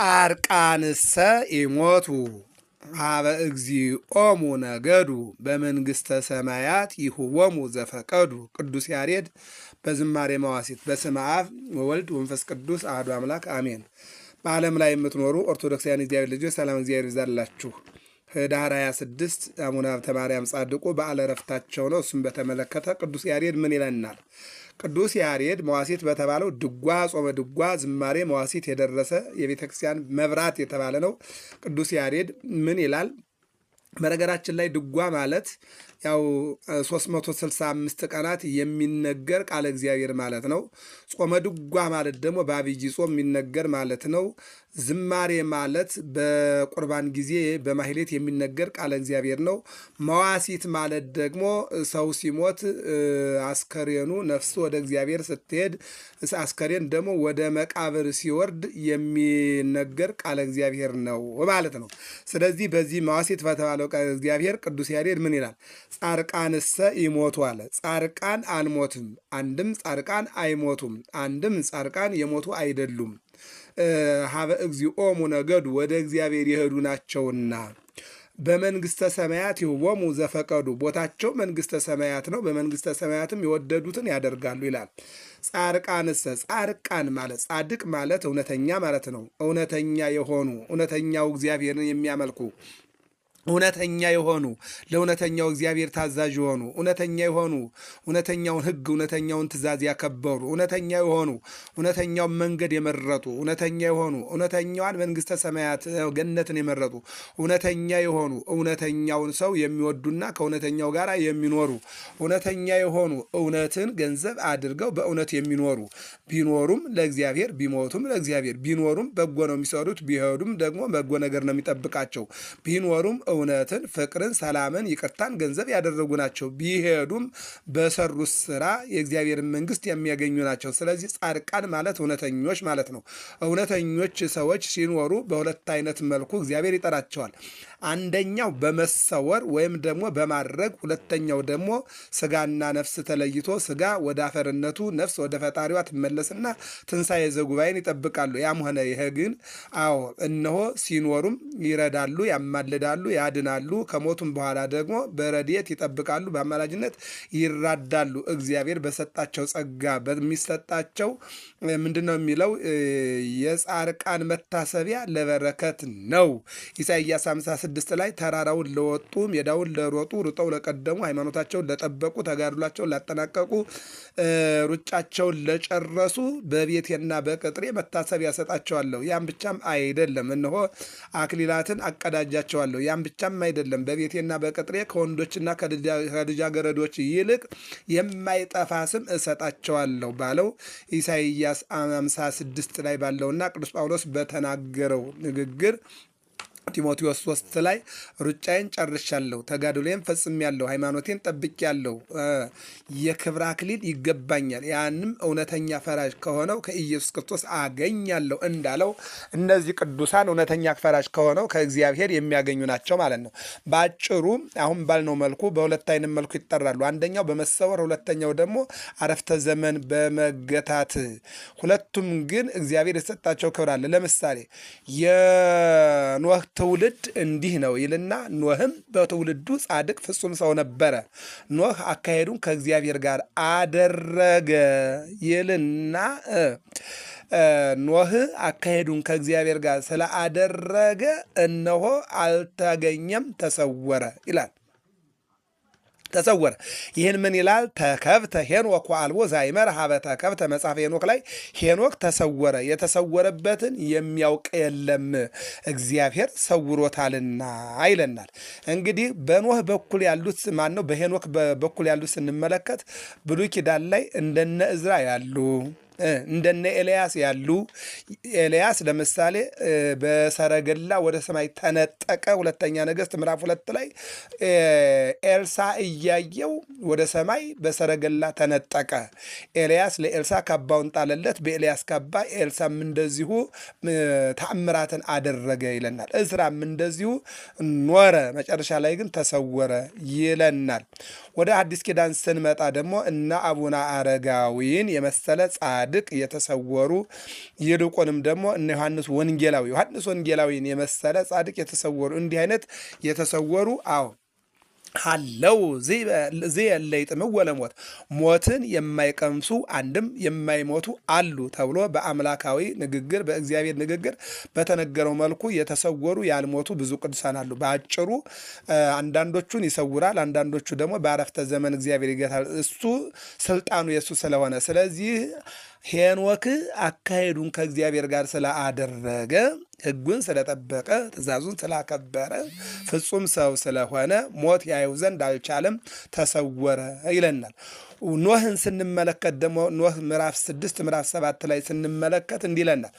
ጻርቃንሰ ይሞቱ ሀበ እግዚኦሙ ነገዱ በመንግሥተ ሰማያት ይሁወሙ ዘፈቀዱ። ቅዱስ ያሬድ በዝማሬ መዋሲት። በስመ አብ ወወልድ ወንፈስ ቅዱስ አሐዱ አምላክ አሜን። በዓለም ላይ የምትኖሩ ኦርቶዶክሳውያን እግዚአብሔር ልጆች ሰላም እግዚአብሔር ይዛላችሁ። ህዳር 26 አቡነ ሀብተ ማርያም ጻድቁ በዓለ ዕረፍታቸው ነው። እሱም በተመለከተ ቅዱስ ያሬድ ምን ይለናል? ቅዱስ ያሬድ መዋሲት በተባለው ድጓ ጾመ ድጓ ዝማሬ መዋሲት የደረሰ የቤተ ክርስቲያን መብራት የተባለ ነው። ቅዱስ ያሬድ ምን ይላል? በነገራችን ላይ ድጓ ማለት ያው 365 ቀናት የሚነገር ቃለ እግዚአብሔር ማለት ነው። ጾመ ድጓ ማለት ደግሞ በአብይ ጾም የሚነገር ማለት ነው። ዝማሬ ማለት በቁርባን ጊዜ በማህሌት የሚነገር ቃለ እግዚአብሔር ነው። መዋሲት ማለት ደግሞ ሰው ሲሞት አስከሬኑ ነፍሱ ወደ እግዚአብሔር ስትሄድ አስከሬን ደግሞ ወደ መቃብር ሲወርድ የሚነገር ቃለ እግዚአብሔር ነው ማለት ነው። ስለዚህ በዚህ መዋሲት በተባለው ቃለ እግዚአብሔር ቅዱስ ያሬድ ምን ይላል? ጻርቃንሰ ይሞቱ አለ። ጻርቃን አልሞትም፣ አንድም ጻርቃን አይሞቱም፣ አንድም ጻርቃን የሞቱ አይደሉም። ሀበ እግዚኦሙ ነገዱ ወደ እግዚአብሔር የሄዱ ናቸውና በመንግሥተ ሰማያት ይሁቦሙ ዘፈቀዱ ቦታቸው መንግሥተ ሰማያት ነው። በመንግሥተ ሰማያትም የወደዱትን ያደርጋሉ ይላል። ጻርቃንሰ ጻርቃን ማለት ጻድቅ ማለት እውነተኛ ማለት ነው። እውነተኛ የሆኑ እውነተኛው እግዚአብሔርን የሚያመልኩ እውነተኛ የሆኑ ለእውነተኛው እግዚአብሔር ታዛዥ የሆኑ እውነተኛ የሆኑ እውነተኛውን ሕግ እውነተኛውን ትእዛዝ ያከበሩ እውነተኛ የሆኑ እውነተኛውን መንገድ የመረጡ እውነተኛ የሆኑ እውነተኛዋን መንግሥተ ሰማያት ገነትን የመረጡ እውነተኛ የሆኑ እውነተኛውን ሰው የሚወዱና ከእውነተኛው ጋር የሚኖሩ እውነተኛ የሆኑ እውነትን ገንዘብ አድርገው በእውነት የሚኖሩ ቢኖሩም ለእግዚአብሔር ቢሞቱም ለእግዚአብሔር ቢኖሩም በጎ ነው የሚሰሩት ቢሄዱም ደግሞ በጎ ነገር ነው የሚጠብቃቸው ቢኖሩም እውነትን፣ ፍቅርን፣ ሰላምን፣ ይቅርታን ገንዘብ ያደረጉ ናቸው። ቢሄዱም በሰሩት ስራ የእግዚአብሔርን መንግስት የሚያገኙ ናቸው። ስለዚህ ጻድቃን ማለት እውነተኞች ማለት ነው። እውነተኞች ሰዎች ሲኖሩ በሁለት አይነት መልኩ እግዚአብሔር ይጠራቸዋል። አንደኛው በመሰወር ወይም ደግሞ በማድረግ፣ ሁለተኛው ደግሞ ስጋና ነፍስ ተለይቶ ስጋ ወደ አፈርነቱ ነፍስ ወደ ፈጣሪዋ ትመለስና ትንሣኤ ዘጉባኤን ይጠብቃሉ። ያም ሆነ ይሄ ግን አዎ እነሆ ሲኖሩም ይረዳሉ፣ ያማልዳሉ፣ ያድናሉ። ከሞቱም በኋላ ደግሞ በረድኤት ይጠብቃሉ፣ በአማላጅነት ይራዳሉ። እግዚአብሔር በሰጣቸው ጸጋ በሚሰጣቸው ምንድን ነው የሚለው የጻርቃን መታሰቢያ ለበረከት ነው። ኢሳይያስ 56 ስድስት ላይ ተራራውን ለወጡ ሜዳውን ለሮጡ ሩጠው ለቀደሙ ሃይማኖታቸውን ለጠበቁ ተጋድሏቸውን ላጠናቀቁ ሩጫቸውን ለጨረሱ በቤቴና በቅጥሬ መታሰቢያ ሰጣቸዋለሁ። ያም ብቻም አይደለም እነሆ አክሊላትን አቀዳጃቸዋለሁ። ያም ብቻም አይደለም በቤቴና በቅጥሬ ከወንዶችና ከልጃገረዶች ይልቅ የማይጠፋ ስም እሰጣቸዋለሁ ባለው ኢሳይያስ 56 ላይ ባለውና ቅዱስ ጳውሎስ በተናገረው ንግግር ጢሞቴዎስ 3 ላይ ሩጫዬን ጨርሻለሁ፣ ተጋድሎዬን ፈጽሜያለሁ፣ ሃይማኖቴን ጠብቄያለሁ፣ የክብር አክሊል ይገባኛል፣ ያንም እውነተኛ ፈራጅ ከሆነው ከኢየሱስ ክርስቶስ አገኛለሁ እንዳለው እነዚህ ቅዱሳን እውነተኛ ፈራጅ ከሆነው ከእግዚአብሔር የሚያገኙ ናቸው ማለት ነው። በአጭሩ አሁን ባልነው መልኩ በሁለት አይነት መልኩ ይጠራሉ። አንደኛው በመሰወር ሁለተኛው ደግሞ አረፍተ ዘመን በመገታት። ሁለቱም ግን እግዚአብሔር የሰጣቸው ክብር አለ። ለምሳሌ የኖህ ትውልድ እንዲህ ነው ይልና ኖህም በትውልዱ ጻድቅ ፍጹም ሰው ነበረ። ኖህ አካሄዱን ከእግዚአብሔር ጋር አደረገ ይልና ኖህ አካሄዱን ከእግዚአብሔር ጋር ስለአደረገ እነሆ አልተገኘም፣ ተሰወረ ይላል። ተሰወረ። ይህን ምን ይላል? ተከብተ ሄኖክ ወአልቦ ዛይመር ሀበተ ከብተ መጽሐፍ ሄኖክ ላይ ሄኖክ ተሰወረ፣ የተሰወረበትን የሚያውቅ የለም እግዚአብሔር ሰውሮታልና ይለናል። እንግዲህ በኖህ በኩል ያሉት ማን ነው? በሄኖክ በኩል ያሉት ስንመለከት ብሉይ ኪዳን ላይ እንደነ እዝራ ያሉ እንደነ ኤልያስ ያሉ ኤልያስ ለምሳሌ በሰረገላ ወደ ሰማይ ተነጠቀ። ሁለተኛ ነገሥት ምዕራፍ ሁለት ላይ ኤልሳ እያየው ወደ ሰማይ በሰረገላ ተነጠቀ። ኤልያስ ለኤልሳ ካባውን ጣለለት። በኤልያስ ካባ ኤልሳም እንደዚሁ ተአምራትን አደረገ ይለናል። እዝራም እንደዚሁ ኖረ፣ መጨረሻ ላይ ግን ተሰወረ ይለናል። ወደ አዲስ ኪዳን ስንመጣ ደግሞ እና አቡነ አረጋዊን የመሰለ ጻ ጻድቅ የተሰወሩ ይልቁንም ደግሞ እነ ዮሐንስ ወንጌላዊ ዮሐንስ ወንጌላዊን የመሰለ ጻድቅ የተሰወሩ እንዲህ አይነት የተሰወሩ አዎ አለው ዚ የለይ ጥምው ወለሞት ሞትን የማይቀምሱ አንድም የማይሞቱ አሉ ተብሎ በአምላካዊ ንግግር በእግዚአብሔር ንግግር በተነገረው መልኩ የተሰወሩ ያልሞቱ ብዙ ቅዱሳን አሉ። በአጭሩ አንዳንዶቹን ይሰውራል፣ አንዳንዶቹ ደግሞ በአረፍተ ዘመን እግዚአብሔር ይገታል። እሱ ስልጣኑ የእሱ ስለሆነ ስለዚህ ሄኖክ አካሄዱን ከእግዚአብሔር ጋር ስለአደረገ ሕጉን ስለጠበቀ ትእዛዙን ስላከበረ ፍጹም ሰው ስለሆነ ሞት ያየው ዘንድ አልቻለም፣ ተሰወረ ይለናል። ኖህን ስንመለከት ደግሞ ኖህ ምዕራፍ ስድስት ምዕራፍ ሰባት ላይ ስንመለከት እንዲህ ይለናል።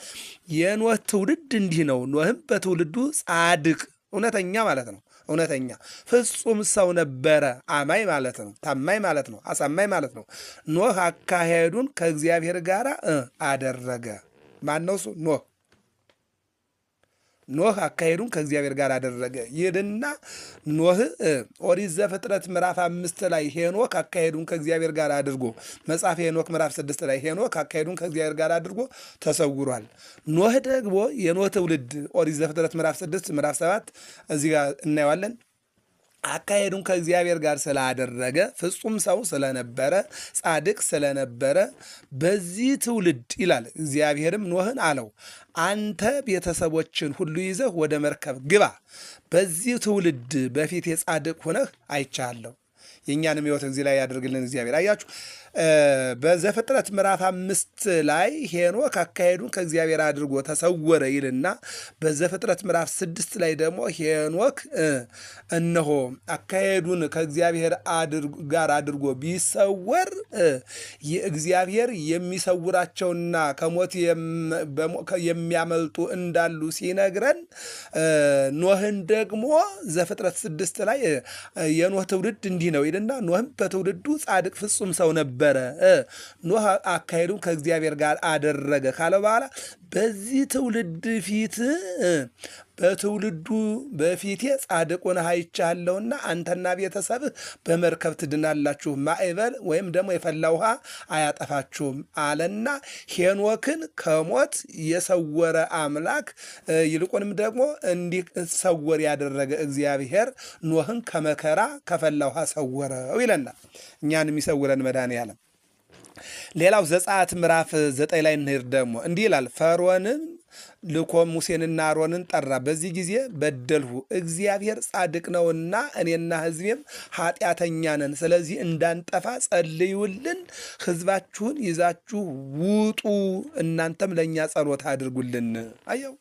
የኖህ ትውልድ እንዲህ ነው። ኖህም በትውልዱ ጻድቅ እውነተኛ ማለት ነው እውነተኛ ፍጹም ሰው ነበረ። አማይ ማለት ነው፣ ታማኝ ማለት ነው፣ አሳማኝ ማለት ነው። ኖህ አካሄዱን ከእግዚአብሔር ጋር አደረገ። ማን እሱ? ኖህ ኖህ አካሄዱን ከእግዚአብሔር ጋር አደረገ ይልና ኖህ ኦሪት ዘፍጥረት ምዕራፍ አምስት ላይ ሄኖክ አካሄዱን ከእግዚአብሔር ጋር አድርጎ መጽሐፍ ሄኖክ ምዕራፍ ስድስት ላይ ሄኖክ አካሄዱን ከእግዚአብሔር ጋር አድርጎ ተሰውሯል። ኖህ ደግሞ የኖህ ትውልድ ኦሪት ዘፍጥረት ምዕራፍ ስድስት ምዕራፍ ሰባት እዚህ ጋር እናየዋለን። አካሄዱን ከእግዚአብሔር ጋር ስላደረገ ፍጹም ሰው ስለነበረ ጻድቅ ስለነበረ በዚህ ትውልድ ይላል። እግዚአብሔርም ኖህን አለው አንተ ቤተሰቦችን ሁሉ ይዘህ ወደ መርከብ ግባ፣ በዚህ ትውልድ በፊት የጻድቅ ሁነህ አይቻለሁ። የእኛንም ሕይወት እዚህ ላይ ያደርግልን እግዚአብሔር አያችሁ። በዘፍጥረት ምዕራፍ አምስት ላይ ሄኖክ አካሄዱን ከእግዚአብሔር አድርጎ ተሰወረ ይልና በዘፍጥረት ምዕራፍ ስድስት ላይ ደግሞ ሄኖክ እነሆ አካሄዱን ከእግዚአብሔር ጋር አድርጎ ቢሰወር እግዚአብሔር የሚሰውራቸውና ከሞት የሚያመልጡ እንዳሉ ሲነግረን ኖህን ደግሞ ዘፍጥረት ስድስት ላይ የኖህ ትውልድ እንዲህ ነው ይልና ኖህም በትውልዱ ጻድቅ ፍጹም ሰው ነበር ነበረ። ኖህ አካሄዱን ከእግዚአብሔር ጋር አደረገ ካለ በኋላ በዚህ ትውልድ ፊት በትውልዱ በፊቴ ጻድቁን ሆነህ አይቻለሁና አንተና ቤተሰብህ በመርከብ ትድናላችሁ፣ ማዕበል ወይም ደግሞ የፈላ ውሃ አያጠፋችሁም አለና ሄኖክን ከሞት የሰወረ አምላክ ይልቁንም ደግሞ እንዲሰወር ያደረገ እግዚአብሔር ኖህን ከመከራ ከፈላ ውሃ ሰወረው ይለናል። እኛንም ይሰውረን መድኃኔዓለም። ሌላው ዘጸአት ምዕራፍ ዘጠኝ ላይ እንሄድ ደግሞ እንዲህ ይላል ፈርዖንም ልኮ ሙሴንና አሮንን ጠራ። በዚህ ጊዜ በደልሁ፣ እግዚአብሔር ጻድቅ ነውና እኔና ሕዝቤም ኃጢአተኛ ነን። ስለዚህ እንዳንጠፋ ጸልዩልን፣ ሕዝባችሁን ይዛችሁ ውጡ፣ እናንተም ለእኛ ጸሎት አድርጉልን። አየው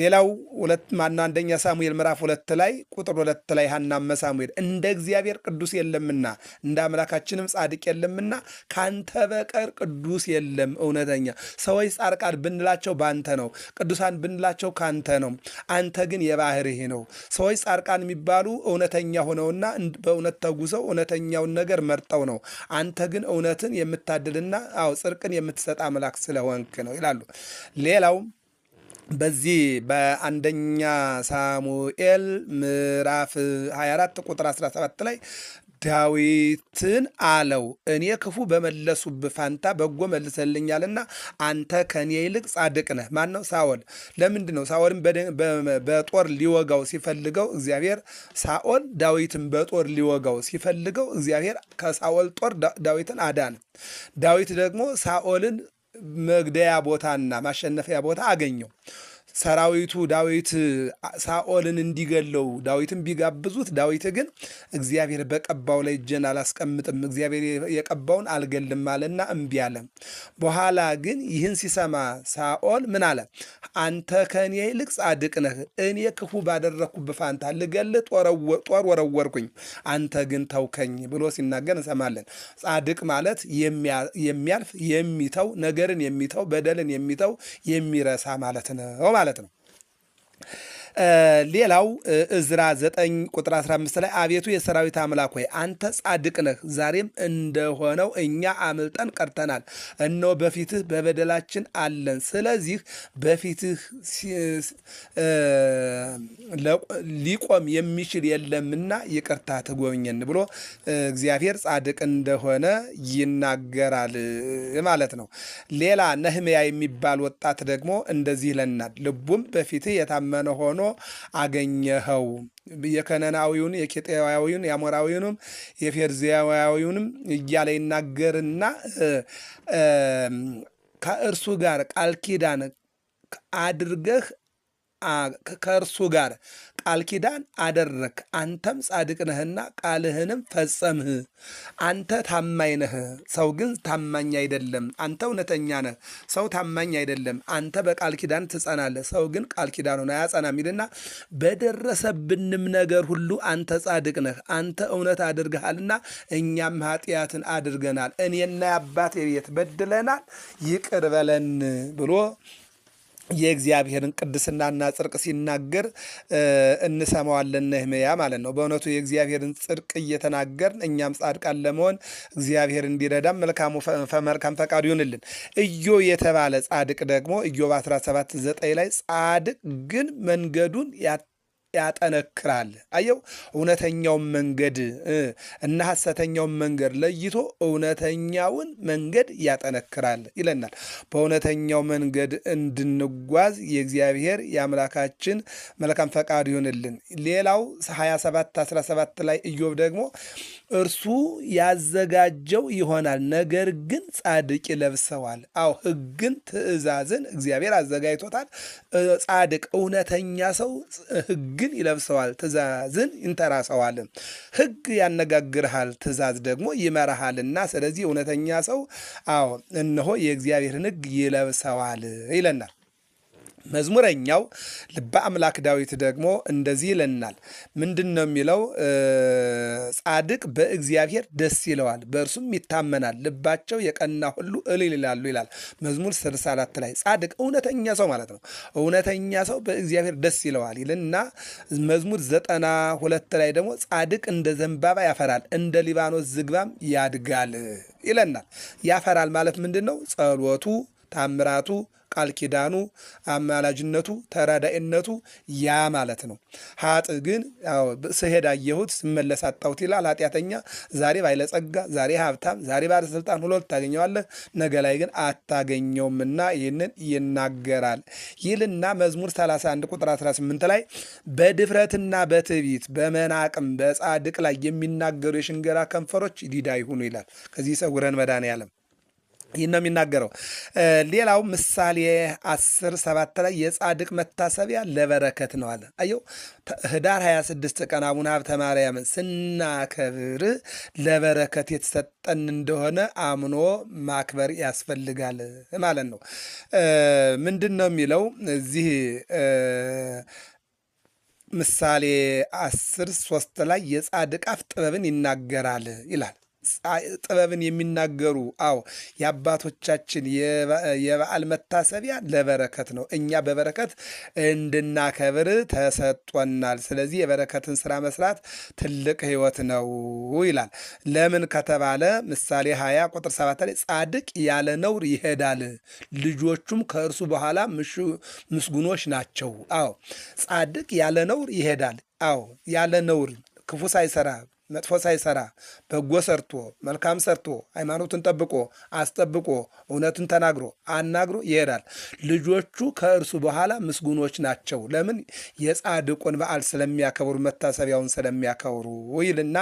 ሌላው ሁለት ማና አንደኛ ሳሙኤል ምዕራፍ ሁለት ላይ ቁጥር ሁለት ላይ ሐናመ ሳሙኤል እንደ እግዚአብሔር ቅዱስ የለምና እንደ አምላካችንም ጻድቅ የለምና ካንተ በቀር ቅዱስ የለም። እውነተኛ ሰዎች ጻድቃን ብንላቸው በአንተ ነው፣ ቅዱሳን ብንላቸው ካንተ ነው። አንተ ግን የባህርህ ነው። ሰዎች ጻድቃን የሚባሉ እውነተኛ ሆነውና በእውነት ተጉዘው እውነተኛውን ነገር መርጠው ነው። አንተ ግን እውነትን የምታድልና አዎ ጽድቅን የምትሰጥ አምላክ ስለሆንክ ነው ይላሉ። ሌላውም በዚህ በአንደኛ ሳሙኤል ምዕራፍ 24 ቁጥር 17 ላይ ዳዊትን አለው፣ እኔ ክፉ በመለሱብህ ፋንታ በጎ መልሰልኛልና አንተ ከኔ ይልቅ ጻድቅ ነህ። ማን ነው? ሳኦል። ለምንድን ነው ሳኦልን በጦር ሊወጋው ሲፈልገው እግዚአብሔር ሳኦል ዳዊትን በጦር ሊወጋው ሲፈልገው እግዚአብሔር ከሳኦል ጦር ዳዊትን አዳነ። ዳዊት ደግሞ ሳኦልን መግደያ ቦታና ማሸነፊያ ቦታ አገኘው። ሰራዊቱ ዳዊት ሳኦልን እንዲገለው ዳዊትን ቢጋብዙት ዳዊት ግን እግዚአብሔር በቀባው ላይ እጄን አላስቀምጥም፣ እግዚአብሔር የቀባውን አልገልም አለና እምቢ አለ። በኋላ ግን ይህን ሲሰማ ሳኦል ምን አለ? አንተ ከእኔ ይልቅ ጻድቅ ነህ፣ እኔ ክፉ ባደረግኩብህ ፋንታ ልገልህ ጦር ወረወርኩኝ፣ አንተ ግን ተውከኝ ብሎ ሲናገር እንሰማለን። ጻድቅ ማለት የሚያልፍ የሚተው ነገርን የሚተው በደልን የሚተው የሚረሳ ማለት ነው። ማለት ነው። ሌላው እዝራ 9 ቁጥር 15 ላይ አቤቱ የሰራዊት አምላክ ሆይ አንተ ጻድቅ ነህ፣ ዛሬም እንደሆነው እኛ አምልጠን ቀርተናል። እነሆ በፊትህ በበደላችን አለን። ስለዚህ በፊትህ ሊቆም የሚችል የለምና ይቅርታ ትጎብኘን ብሎ እግዚአብሔር ጻድቅ እንደሆነ ይናገራል ማለት ነው። ሌላ ነህምያ የሚባል ወጣት ደግሞ እንደዚህ ይለናል። ልቡም በፊትህ የታመነ ሆኖ ሆኖ አገኘኸው። የከነናዊውን የኬጤያዊውን የአሞራዊውንም የፌርዚያዊውንም እያለ ይናገርና ከእርሱ ጋር ቃል ኪዳን አድርገህ ከእርሱ ጋር ቃል ኪዳን አደረክ፣ አንተም ጻድቅ ነህና ቃልህንም ፈጸምህ። አንተ ታማኝ ነህ፣ ሰው ግን ታማኝ አይደለም። አንተ እውነተኛ ነህ፣ ሰው ታማኝ አይደለም። አንተ በቃል ኪዳን ትጸናለህ፣ ሰው ግን ቃል ኪዳኑን አያጸናም ይልና በደረሰብንም ነገር ሁሉ አንተ ጻድቅ ነህ፣ አንተ እውነት አድርገሃልና እኛም ኃጢአትን አድርገናል፣ እኔና የአባቴ ቤት በድለናል፣ ይቅር በለን ብሎ የእግዚአብሔርን ቅድስናና ጽድቅ ሲናገር እንሰማዋለን። ነህምያ ማለት ነው። በእውነቱ የእግዚአብሔርን ጽድቅ እየተናገር እኛም ጻድቃን ለመሆን እግዚአብሔር እንዲረዳም መልካሙ መልካም ፈቃዱ ይሁንልን። እዮ የተባለ ጻድቅ ደግሞ ኢዮብ 17 9 ላይ ጻድቅ ግን መንገዱን ያ። ያጠነክራል። አየው እውነተኛውን መንገድ እና ሐሰተኛውን መንገድ ለይቶ እውነተኛውን መንገድ ያጠነክራል ይለናል። በእውነተኛው መንገድ እንድንጓዝ የእግዚአብሔር የአምላካችን መልካም ፈቃድ ይሆንልን። ሌላው 27 17 ላይ ኢዮብ ደግሞ እርሱ ያዘጋጀው ይሆናል፣ ነገር ግን ጻድቅ ይለብሰዋል። አዎ ሕግን ትእዛዝን እግዚአብሔር አዘጋጅቶታል። ጻድቅ እውነተኛ ሰው ሕግ ሕግን ይለብሰዋል፣ ትእዛዝን ይንተራሰዋልን። ሕግ ያነጋግርሃል፣ ትእዛዝ ደግሞ ይመራሃልና። ስለዚህ እውነተኛ ሰው አዎ እነሆ የእግዚአብሔርን ሕግ ይለብሰዋል ይለናል። መዝሙረኛው ልበ አምላክ ዳዊት ደግሞ እንደዚህ ይለናል። ምንድን ነው የሚለው? ጻድቅ በእግዚአብሔር ደስ ይለዋል፣ በእርሱም ይታመናል፣ ልባቸው የቀና ሁሉ እልል ይላሉ ይላል መዝሙር 64 ላይ። ጻድቅ እውነተኛ ሰው ማለት ነው። እውነተኛ ሰው በእግዚአብሔር ደስ ይለዋል ይልና መዝሙር 92 ላይ ደግሞ ጻድቅ እንደ ዘንባባ ያፈራል፣ እንደ ሊባኖስ ዝግባም ያድጋል ይለናል። ያፈራል ማለት ምንድን ነው? ጸሎቱ ታምራቱ፣ ቃል ኪዳኑ፣ አማላጅነቱ፣ ተራዳይነቱ ያ ማለት ነው። ሀጥ ግን ስሄድ አየሁት ስመለስ አጣሁት ይላል። ኃጢአተኛ ዛሬ ባለጸጋ፣ ዛሬ ሀብታም፣ ዛሬ ባለስልጣን ሁሎ ታገኘዋለህ፣ ነገ ላይ ግን አታገኘውምና ይህንን ይናገራል ይልና መዝሙር 31 ቁጥር 18 ላይ በድፍረትና በትዕቢት በመናቅም በጻድቅ ላይ የሚናገሩ የሽንገላ ከንፈሮች ዲዳ ይሁኑ ይላል። ከዚህ ይሰውረን መድኃኔ ይህ ነው የሚናገረው። ሌላው ምሳሌ አስር ሰባት ላይ የጻድቅ መታሰቢያ ለበረከት ነው አለ። አየው ህዳር 26 ቀን አቡነ ሀብተ ማርያምን ስናከብር ለበረከት የተሰጠን እንደሆነ አምኖ ማክበር ያስፈልጋል ማለት ነው። ምንድን ነው የሚለው እዚህ ምሳሌ አስር ሶስት ላይ የጻድቅ አፍ ጥበብን ይናገራል ይላል ጥበብን የሚናገሩ አዎ የአባቶቻችን የበዓል መታሰቢያ ለበረከት ነው። እኛ በበረከት እንድናከብር ተሰጥቶናል። ስለዚህ የበረከትን ስራ መስራት ትልቅ ህይወት ነው ይላል። ለምን ከተባለ ምሳሌ 20 ቁጥር 7 ላይ ጻድቅ ያለ ነውር ይሄዳል፣ ልጆቹም ከእርሱ በኋላ ምስጉኖች ናቸው። አዎ ጻድቅ ያለ ነውር ይሄዳል። አዎ ያለ ነውር ክፉ ሳይሰራ መጥፎ ሳይሰራ በጎ ሰርቶ መልካም ሰርቶ ሃይማኖትን ጠብቆ አስጠብቆ እውነትን ተናግሮ አናግሮ ይሄዳል። ልጆቹ ከእርሱ በኋላ ምስጉኖች ናቸው። ለምን? የጻድቁን በዓል ስለሚያከብሩ መታሰቢያውን ስለሚያከብሩ ይልና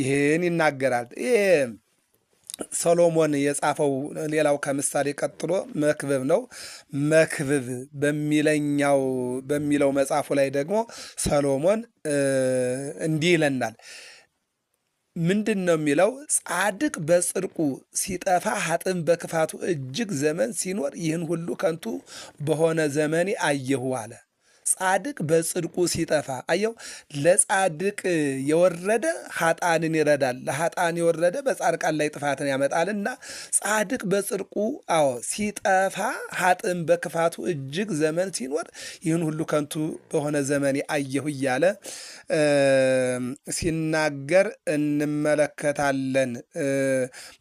ይህን ይናገራል። ይሄ ሰሎሞን የጻፈው ሌላው ከምሳሌ ቀጥሎ መክብብ ነው። መክብብ በሚለኛው በሚለው መጽሐፉ ላይ ደግሞ ሰሎሞን እንዲህ ይለናል ምንድን ነው የሚለው? ጻድቅ በጽድቁ ሲጠፋ ሀጥም በክፋቱ እጅግ ዘመን ሲኖር ይህን ሁሉ ከንቱ በሆነ ዘመኔ አየሁ አለ። ጻድቅ በጽድቁ ሲጠፋ አየው። ለጻድቅ የወረደ ሀጣንን ይረዳል፣ ለሀጣን የወረደ በጻድቃን ላይ ጥፋትን እና ጻድቅ በጽድቁ አዎ ሲጠፋ ሀጥን በክፋቱ እጅግ ዘመን ሲኖር ይህን ሁሉ ከንቱ በሆነ ዘመን አየሁ እያለ ሲናገር እንመለከታለን።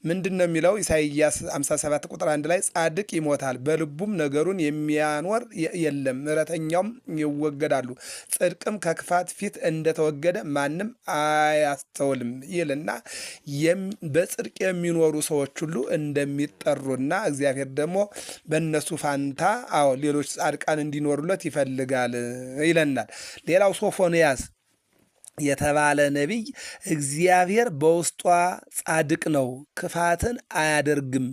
ምንድን ነው የሚለው? ኢሳይያስ 57 ቁጥር 1 ላይ ጻድቅ ይሞታል፣ በልቡም ነገሩን የሚያኖር የለም፣ ምረተኛውም ይወገዳሉ፣ ጽድቅም ከክፋት ፊት እንደተወገደ ማንም አያስተውልም ይልና በጽድቅ የሚኖሩ ሰዎች ሁሉ እንደሚጠሩና እግዚአብሔር ደግሞ በእነሱ ፋንታ አዎ ሌሎች ጻድቃን እንዲኖሩለት ይፈልጋል ይለናል። ሌላው ሶፎንያስ የተባለ ነቢይ እግዚአብሔር በውስጧ ጻድቅ ነው፣ ክፋትን አያደርግም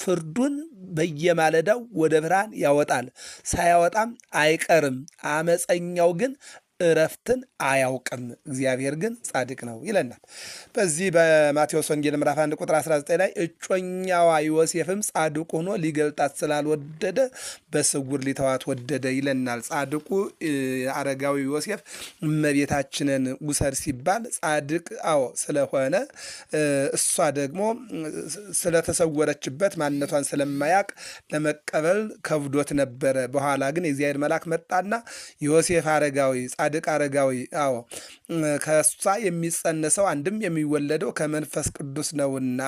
ፍርዱን በየማለዳው ወደ ብርሃን ያወጣል፣ ሳያወጣም አይቀርም። አመፀኛው ግን እረፍትን አያውቅም፣ እግዚአብሔር ግን ጻድቅ ነው ይለናል። በዚህ በማቴዎስ ወንጌል ምዕራፍ 1 ቁጥር 19 ላይ እጮኛዋ ዮሴፍም ጻድቁ ሆኖ ሊገልጣት ስላልወደደ በስውር ሊተዋት ወደደ ይለናል። ጻድቁ አረጋዊ ዮሴፍ እመቤታችንን ውሰድ ሲባል ጻድቅ አዎ ስለሆነ እሷ ደግሞ ስለተሰወረችበት ማንነቷን ስለማያቅ ለመቀበል ከብዶት ነበረ። በኋላ ግን የእግዚአብሔር መልአክ መጣና ዮሴፍ አረጋዊ ጻድቅ አረጋዊ። አዎ ከእሷ የሚጸነሰው አንድም የሚወለደው ከመንፈስ ቅዱስ ነውና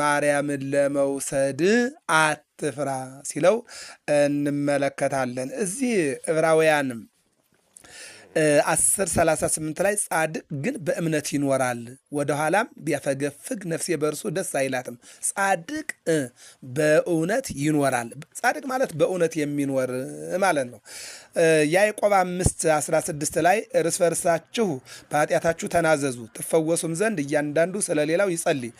ማርያምን ለመውሰድ አትፍራ ሲለው እንመለከታለን። እዚህ ዕብራውያንም አስር ሰላሳ ስምንት ላይ ጻድቅ ግን በእምነት ይኖራል፣ ወደኋላም ቢያፈገፍግ ነፍሴ በእርሱ ደስ አይላትም። ጻድቅ በእውነት ይኖራል። ጻድቅ ማለት በእውነት የሚኖር ማለት ነው። ያዕቆብ አምስት 16 ላይ እርስ በርሳችሁ በኃጢአታችሁ ተናዘዙ ትፈወሱም ዘንድ እያንዳንዱ ስለ ሌላው ይጸልይ።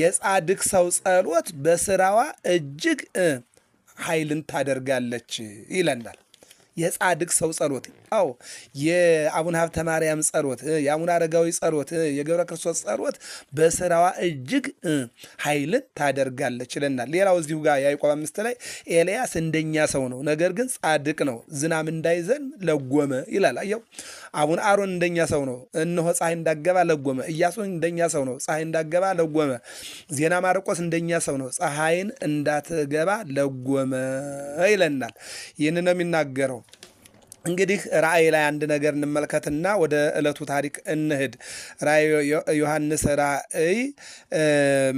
የጻድቅ ሰው ጸሎት በስራዋ እጅግ ኃይልን ታደርጋለች ይለናል። የጻድቅ ሰው ጸሎት፣ አዎ የአቡነ ሀብተ ማርያም ጸሎት፣ የአቡነ አረጋዊ ጸሎት፣ የገብረ ክርስቶስ ጸሎት በስራዋ እጅግ ኃይልን ታደርጋለች ይለናል። ሌላው እዚሁ ጋር የያዕቆብ አምስት ላይ ኤልያስ እንደኛ ሰው ነው፣ ነገር ግን ጻድቅ ነው፣ ዝናም እንዳይዘን ለጎመ ይላል። አየው አቡነ አሮን እንደኛ ሰው ነው፣ እነሆ ፀሐይ እንዳገባ ለጎመ። እያሱ እንደኛ ሰው ነው፣ ፀሐይ እንዳገባ ለጎመ። ዜና ማርቆስ እንደኛ ሰው ነው፣ ፀሐይን እንዳትገባ ለጎመ ይለናል። ይህን ነው የሚናገረው። እንግዲህ ራእይ ላይ አንድ ነገር እንመልከትና ወደ ዕለቱ ታሪክ እንሂድ። ራእይ ዮሐንስ ራእይ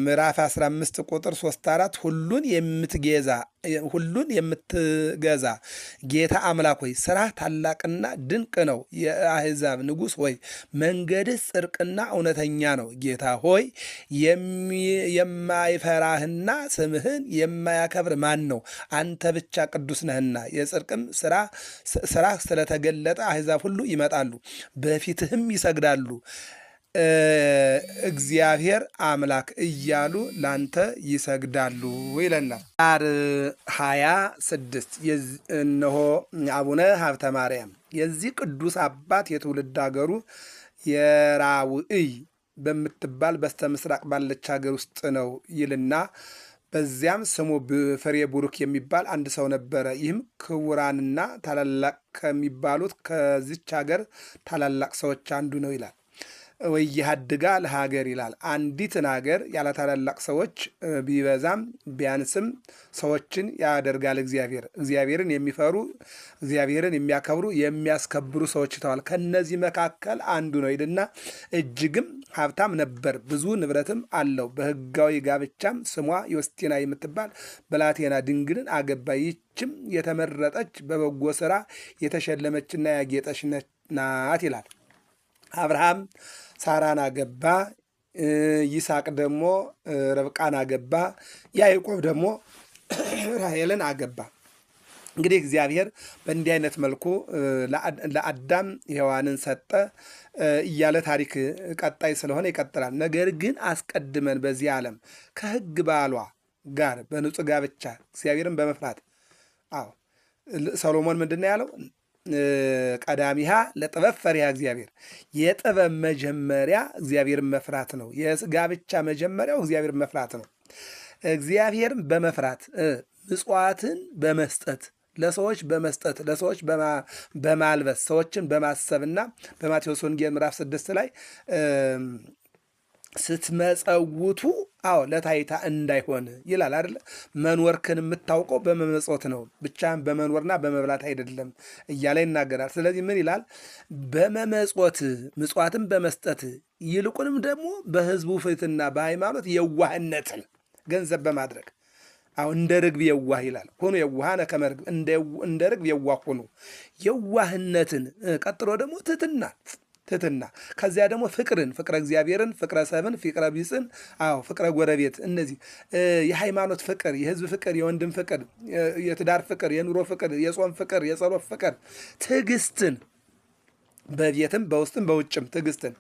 ምዕራፍ 15 ቁጥር 34 ሁሉን የምትጌዛ ሁሉን የምትገዛ ጌታ አምላክ ሆይ ስራህ ታላቅና ድንቅ ነው። የአሕዛብ ንጉሥ ሆይ መንገድህ ጽድቅና እውነተኛ ነው። ጌታ ሆይ የማይፈራህና ስምህን የማያከብር ማን ነው? አንተ ብቻ ቅዱስ ነህና የጽድቅም ስራህ ስለተገለጠ አሕዛብ ሁሉ ይመጣሉ፣ በፊትህም ይሰግዳሉ። እግዚአብሔር አምላክ እያሉ ላንተ ይሰግዳሉ ይለናል። ዳር ሀያ ስድስት እነሆ አቡነ ሀብተ ማርያም የዚህ ቅዱስ አባት የትውልድ ሀገሩ የራውእይ በምትባል በስተ ምስራቅ ባለች ሀገር ውስጥ ነው ይልና በዚያም ስሙ ፍሬ ቡሩክ የሚባል አንድ ሰው ነበረ። ይህም ክቡራንና ታላላቅ ከሚባሉት ከዚች ሀገር ታላላቅ ሰዎች አንዱ ነው ይላል። ወያድጋ ለሀገር ይላል። አንዲትን ሀገር ያለ ታላላቅ ሰዎች ቢበዛም ቢያንስም ሰዎችን ያደርጋል እግዚአብሔር። እግዚአብሔርን የሚፈሩ እግዚአብሔርን የሚያከብሩ የሚያስከብሩ ሰዎች ይተዋል። ከነዚህ መካከል አንዱ ነው ይልና እጅግም ሀብታም ነበር፣ ብዙ ንብረትም አለው። በህጋዊ ጋብቻም ስሟ ዮስቲና የምትባል ብላቴና ድንግልን አገባ። ይችም የተመረጠች በበጎ ስራ የተሸለመችና ያጌጠች ናት ይላል አብርሃም ሳራን አገባ። ይስሐቅ ደግሞ ርብቃን አገባ። ያዕቆብ ደግሞ ራሄልን አገባ። እንግዲህ እግዚአብሔር በእንዲህ አይነት መልኩ ለአዳም ሔዋንን ሰጠ እያለ ታሪክ ቀጣይ ስለሆነ ይቀጥላል። ነገር ግን አስቀድመን በዚህ ዓለም ከሕግ ባሏ ጋር በንጹሕ ጋብቻ እግዚአብሔርን በመፍራት አዎ ሰሎሞን ምንድን ነው ያለው? ቀዳሚሃ ለጥበብ ፈሪሃ እግዚአብሔር፣ የጥበብ መጀመሪያ እግዚአብሔርን መፍራት ነው። የጋብቻ መጀመሪያው እግዚአብሔር መፍራት ነው። እግዚአብሔርን በመፍራት ምጽዋትን በመስጠት ለሰዎች በመስጠት ለሰዎች በማልበስ ሰዎችን በማሰብና በማቴዎስ ወንጌል ምዕራፍ ስድስት ላይ ስትመጸውቱ አዎ ለታይታ እንዳይሆን ይላል አይደለ? መኖርክን የምታውቀው በመመጾት ነው፣ ብቻህን በመኖርና በመብላት አይደለም እያለ ይናገራል። ስለዚህ ምን ይላል? በመመጾት ምጽዋትን በመስጠት ይልቁንም ደግሞ በህዝቡ ፊትና በሃይማኖት የዋህነትን ገንዘብ በማድረግ አሁ እንደ ርግብ የዋህ ይላል። ሁኑ የዋሃነ ከመ ርግብ፣ እንደ ርግብ የዋህ ሁኑ። የዋህነትን ቀጥሎ ደግሞ ትህትና ትህትና ከዚያ ደግሞ ፍቅርን ፍቅረ እግዚአብሔርን ፍቅረ ሰብን ፍቅረ ቢጽን አዎ ፍቅረ ጎረቤት እነዚህ የሃይማኖት ፍቅር የህዝብ ፍቅር የወንድም ፍቅር የትዳር ፍቅር የኑሮ ፍቅር የጾም ፍቅር የጸሎት ፍቅር ትዕግስትን በቤትም በውስጥም በውጭም ትዕግስትን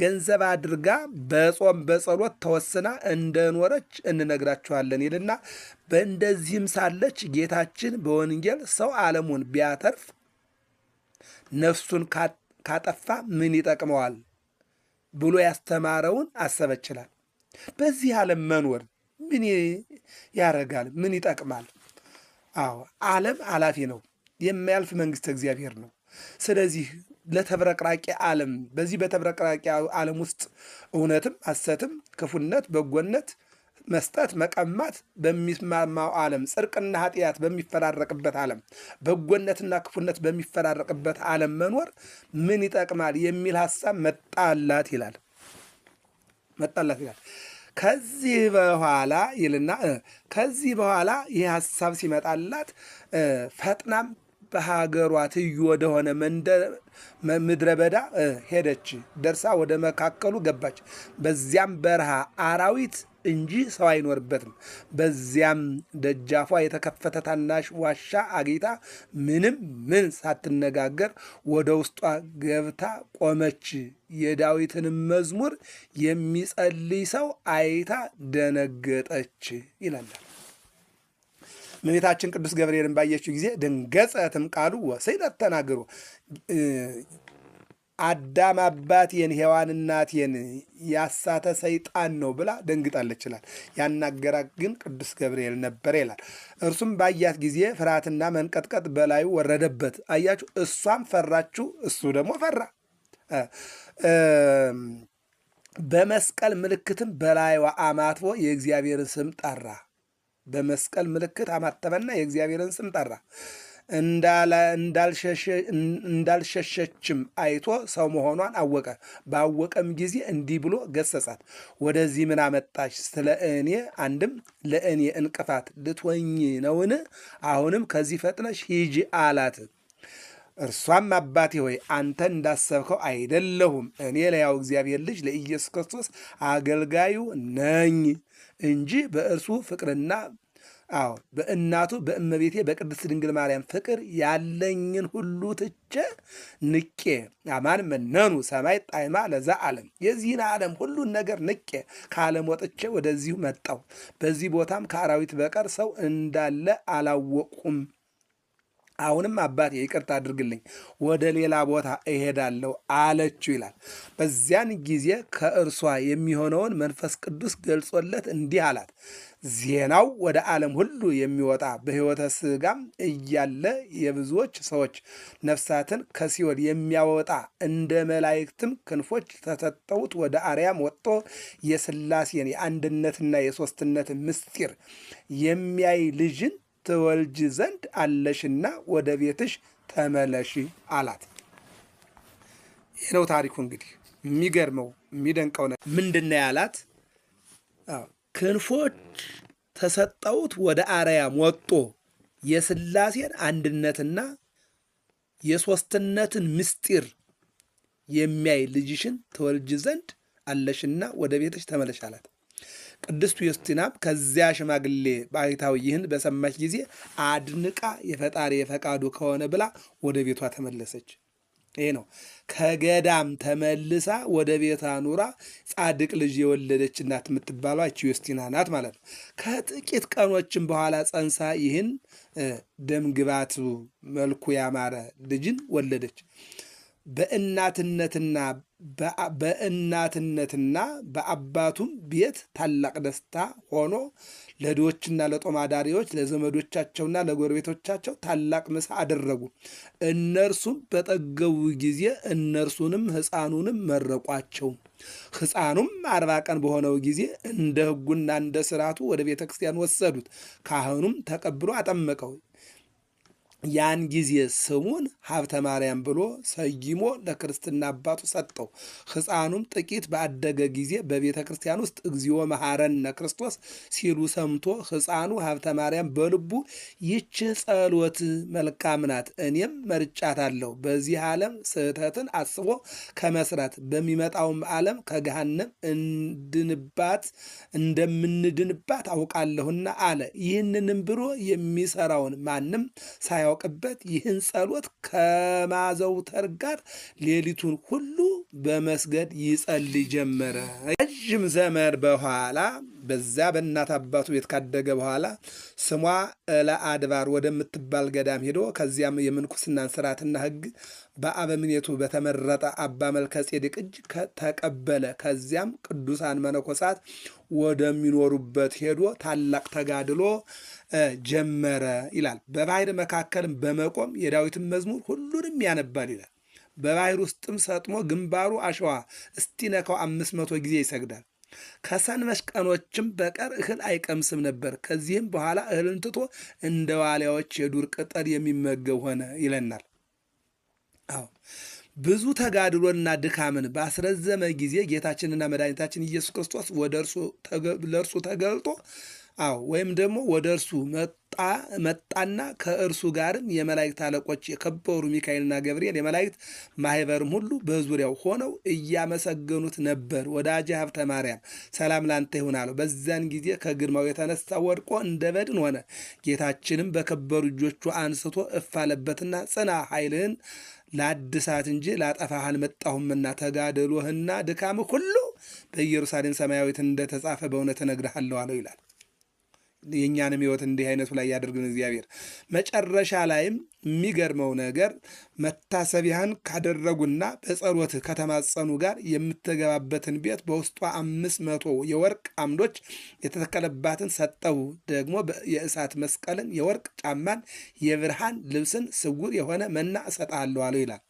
ገንዘብ አድርጋ በጾም በጸሎት ተወስና እንደኖረች እንነግራችኋለን ይልና በእንደዚህም ሳለች ጌታችን በወንጌል ሰው ዓለሙን ቢያተርፍ ነፍሱን ካጠፋ ምን ይጠቅመዋል ብሎ ያስተማረውን አሰበችላል። በዚህ ዓለም መኖር ምን ያረጋል? ምን ይጠቅማል? አዎ ዓለም አላፊ ነው፣ የሚያልፍ መንግስት እግዚአብሔር ነው። ስለዚህ ለተብረቅራቂ ዓለም በዚህ በተብረቅራቂ ዓለም ውስጥ እውነትም ሐሰትም ክፉነት በጎነት መስጠት መቀማት በሚስማማው ዓለም ጽርቅና ኃጢአት በሚፈራረቅበት ዓለም በጎነትና ክፉነት በሚፈራረቅበት ዓለም መኖር ምን ይጠቅማል የሚል ሀሳብ መጣላት ይላል መጣላት ይላል። ከዚህ በኋላ ይልና ከዚህ በኋላ ይህ ሀሳብ ሲመጣላት ፈጥናም በሀገሯ ትዩ ወደሆነ ምድረ በዳ ሄደች። ደርሳ ወደ መካከሉ ገባች። በዚያም በረሃ አራዊት እንጂ ሰው አይኖርበትም። በዚያም ደጃፏ የተከፈተ ታናሽ ዋሻ አግኝታ ምንም ምን ሳትነጋገር ወደ ውስጧ ገብታ ቆመች። የዳዊትንም መዝሙር የሚጸልይ ሰው አይታ ደነገጠች ይላል። እመቤታችን ቅዱስ ገብርኤልን ባየችው ጊዜ ድንገጸትም ቃሉ ወሰይ ተናግሮ አዳም አባቴን ሔዋን እናቴን ያሳተ ሰይጣን ነው ብላ ደንግጣለች ይላል። ያናገራ ግን ቅዱስ ገብርኤል ነበር ይላል። እርሱም ባያት ጊዜ ፍርሃትና መንቀጥቀጥ በላዩ ወረደበት። አያችሁ፣ እሷም ፈራችሁ፣ እሱ ደግሞ ፈራ። በመስቀል ምልክትም በላይዋ አማትቦ የእግዚአብሔርን ስም ጠራ። በመስቀል ምልክት አማተበና የእግዚአብሔርን ስም ጠራ። እንዳልሸሸችም አይቶ ሰው መሆኗን አወቀ። ባወቀም ጊዜ እንዲህ ብሎ ገሰጻት፣ ወደዚህ ምን አመጣሽ? ስለ እኔ አንድም ለእኔ እንቅፋት ልትወኝ ነውን? አሁንም ከዚህ ፈጥነሽ ሂጂ አላት። እርሷም አባቴ ሆይ አንተ እንዳሰብከው አይደለሁም። እኔ ለያው እግዚአብሔር ልጅ ለኢየሱስ ክርስቶስ አገልጋዩ ነኝ እንጂ በእርሱ ፍቅርና አዎ በእናቱ በእመቤቴ በቅድስት ድንግል ማርያም ፍቅር ያለኝን ሁሉ ትቼ ንቄ አማን መነኑ ሰማይ ጣይማ ለዛ ዓለም የዚህን ዓለም ሁሉን ነገር ንቄ ከዓለም ወጥቼ ወደዚሁ መጣው በዚህ ቦታም ከአራዊት በቀር ሰው እንዳለ አላወቁም። አሁንም አባቴ ይቅርታ አድርግልኝ፣ ወደ ሌላ ቦታ እሄዳለሁ አለችው ይላል። በዚያን ጊዜ ከእርሷ የሚሆነውን መንፈስ ቅዱስ ገልጾለት እንዲህ አላት፣ ዜናው ወደ ዓለም ሁሉ የሚወጣ በሕይወተ ሥጋም እያለ የብዙዎች ሰዎች ነፍሳትን ከሲኦል የሚያወጣ እንደ መላእክትም ክንፎች ተሰጠውት ወደ አርያም ወጥቶ የሥላሴን የአንድነትና የሶስትነት ምስጢር የሚያይ ልጅን ትወልጅ ዘንድ አለሽና ወደ ቤትሽ ተመለሺ አላት። ይህ ነው ታሪኩ። እንግዲህ የሚገርመው የሚደንቀው ነገር ምንድን ነው ያላት? ክንፎች ተሰጠውት ወደ አርያም ወጦ የስላሴን አንድነትና የሶስትነትን ምስጢር የሚያይ ልጅሽን ትወልጅ ዘንድ አለሽና ወደ ቤትሽ ተመለሽ አላት። ቅድስቱ ዮስቲናም ከዚያ ሽማግሌ ባሕታዊ ይህን በሰማች ጊዜ አድንቃ የፈጣሪ የፈቃዱ ከሆነ ብላ ወደ ቤቷ ተመለሰች። ይሄ ነው ከገዳም ተመልሳ ወደ ቤቷ ኑራ ጻድቅ ልጅ የወለደች እናት የምትባሏች ዮስቲና ናት ማለት ነው። ከጥቂት ቀኖችም በኋላ ጸንሳ ይህን ደምግባቱ መልኩ ያማረ ልጅን ወለደች። በእናትነትና በእናትነትና በአባቱም ቤት ታላቅ ደስታ ሆኖ ለድሆችና ለጦማዳሪዎች ለዘመዶቻቸውና ለጎረቤቶቻቸው ታላቅ ምሳ አደረጉ። እነርሱም በጠገቡ ጊዜ እነርሱንም ሕፃኑንም መረቋቸው። ሕፃኑም አርባ ቀን በሆነው ጊዜ እንደ ሕጉና እንደ ስርዓቱ ወደ ቤተ ክርስቲያን ወሰዱት። ካህኑም ተቀብሎ አጠመቀው። ያን ጊዜ ስሙን ሀብተ ማርያም ብሎ ሰይሞ ለክርስትና አባቱ ሰጠው። ሕፃኑም ጥቂት ባደገ ጊዜ በቤተ ክርስቲያን ውስጥ እግዚኦ መሐረነ ክርስቶስ ሲሉ ሰምቶ ሕፃኑ ሀብተ ማርያም በልቡ ይች ጸሎት መልካም ናት፣ እኔም መርጫታለሁ። በዚህ ዓለም ስህተትን አስቦ ከመስራት በሚመጣውም ዓለም ከገሃነም እንድንባት እንደምንድንባት አውቃለሁና አለ። ይህንንም ብሎ የሚሰራውን ማንም ሳያ የሚያውቅበት ይህን ጸሎት ከማዘውተር ጋር ሌሊቱን ሁሉ በመስገድ ይጸልይ ጀመረ። ረዥም ዘመን በኋላ በዛ በእናት አባቱ ቤት ካደገ በኋላ ስሟ ለአድባር ወደምትባል ገዳም ሄዶ ከዚያም የምንኩስናን ስርዓትና ሕግ በአበምኔቱ በተመረጠ አባ መልከጼዴቅ እጅ ተቀበለ። ከዚያም ቅዱሳን መነኮሳት ወደሚኖሩበት ሄዶ ታላቅ ተጋድሎ ጀመረ ይላል። በባህር መካከልም በመቆም የዳዊትን መዝሙር ሁሉንም ያነባል ይላል። በባህር ውስጥም ሰጥሞ ግንባሩ አሸዋ እስቲነካው አምስት መቶ ጊዜ ይሰግዳል። ከሰን መሽቀኖችም በቀር እህል አይቀምስም ነበር። ከዚህም በኋላ እህልን ትቶ እንደ ዋሊያዎች የዱር ቅጠል የሚመገብ ሆነ ይለናል። አዎ ብዙ ተጋድሎና ድካምን ባስረዘመ ጊዜ ጌታችንና መድኃኒታችን ኢየሱስ ክርስቶስ ወደ እርሱ ለእርሱ ተገልጦ አዎ ወይም ደግሞ ወደ እርሱ መጣ መጣና ከእርሱ ጋርም የመላእክት አለቆች የከበሩ ሚካኤልና ገብርኤል የመላእክት ማህበርም ሁሉ በዙሪያው ሆነው እያመሰገኑት ነበር። ወዳጄ ሀብተ ማርያም ሰላም ላንተ ይሁን አለው። በዚያን ጊዜ ከግርማው የተነሳ ወድቆ እንደ በድን ሆነ። ጌታችንም በከበሩ እጆቹ አንስቶ እፋለበትና አለበትና ጽና ኃይልህን ላድሳት እንጂ ላጠፋህ አልመጣሁምና ተጋደሎህና ድካምህ ሁሉ በኢየሩሳሌም ሰማያዊት እንደተጻፈ በእውነት እነግርሃለሁ አለው ይላል። የእኛንም ህይወት እንዲህ አይነቱ ላይ ያደርግን እግዚአብሔር። መጨረሻ ላይም የሚገርመው ነገር መታሰቢያን ካደረጉና በጸሎት ከተማጸኑ ጋር የምትገባበትን ቤት በውስጧ አምስት መቶ የወርቅ አምዶች የተተከለባትን ሰጠው። ደግሞ የእሳት መስቀልን፣ የወርቅ ጫማን፣ የብርሃን ልብስን፣ ስውር የሆነ መና እሰጣለሁ አለው ይላል።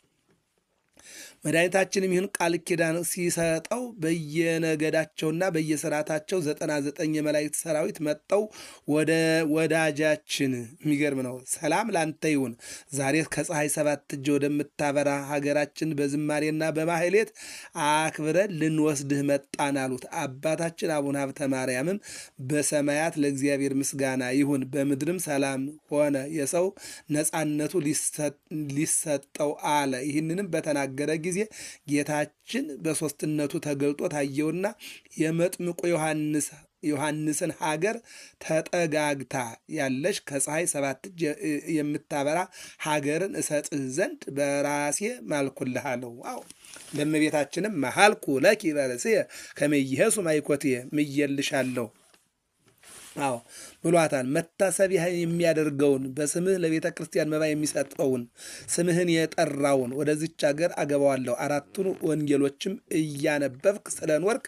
መድኃኒታችንም ይህን ቃል ኪዳን ሲሰጠው በየነገዳቸውና በየስርዓታቸው ዘጠና ዘጠኝ የመላእክት ሰራዊት መጠው ወደ ወዳጃችን የሚገርም ነው። ሰላም ላንተ ይሁን ዛሬ ከፀሐይ ሰባት እጅ ወደምታበራ ሀገራችን በዝማሬና በማህሌት አክብረን ልንወስድህ መጣን አሉት። አባታችን አቡነ ሀብተ ማርያምም በሰማያት ለእግዚአብሔር ምስጋና ይሁን፣ በምድርም ሰላም ሆነ፣ የሰው ነፃነቱ ሊሰጠው አለ። ይህንንም በተናገ በተናገረ ጊዜ ጌታችን በሦስትነቱ ተገልጦ ታየውና የመጥምቁ ዮሐንስ ዮሐንስን ሀገር ተጠጋግታ ያለች ከፀሐይ ሰባት እጅ የምታበራ ሀገርን እሰጥህ ዘንድ በራሴ ማልኩልሃለሁ። አዎ ለእመቤታችንም መሐልኩ ለኪ በርእስየ ከመይሄሱ ይሄሱ ማይኮትየ ምዬልሻለሁ። አዎ ብሏታል። መታሰቢያ የሚያደርገውን በስምህ ለቤተ ክርስቲያን መባ የሚሰጠውን ስምህን የጠራውን ወደዚች አገር አገባዋለሁ። አራቱን ወንጌሎችም እያነበብክ ስለኖርክ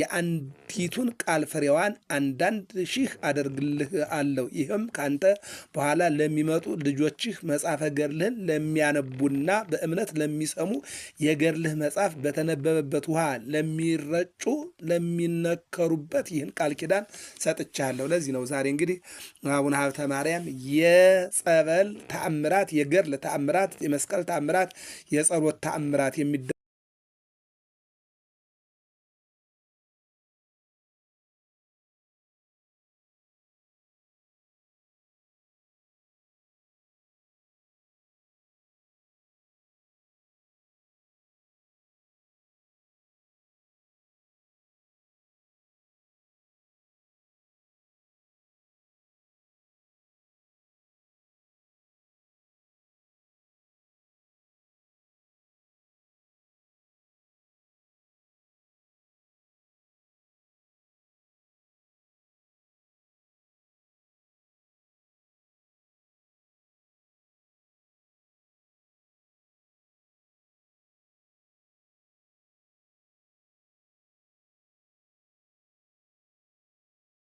የአንዲቱን ቃል ፍሬዋን አንዳንድ ሺህ አደርግልህ አለው። ይህም ከአንተ በኋላ ለሚመጡ ልጆችህ መጽሐፈ ገድልህን ለሚያነቡና በእምነት ለሚሰሙ የገድልህ መጽሐፍ በተነበበበት ውሃ ለሚረጩ ለሚነከሩበት ይህን ቃል ኪዳን ሰጥቻለሁ። ለዚህ ነው ዛሬ እንግዲህ አቡነ ሀብተ ማርያም የጸበል ተአምራት፣ የገድል ተአምራት፣ የመስቀል ተአምራት፣ የጸሎት ተአምራት የሚደ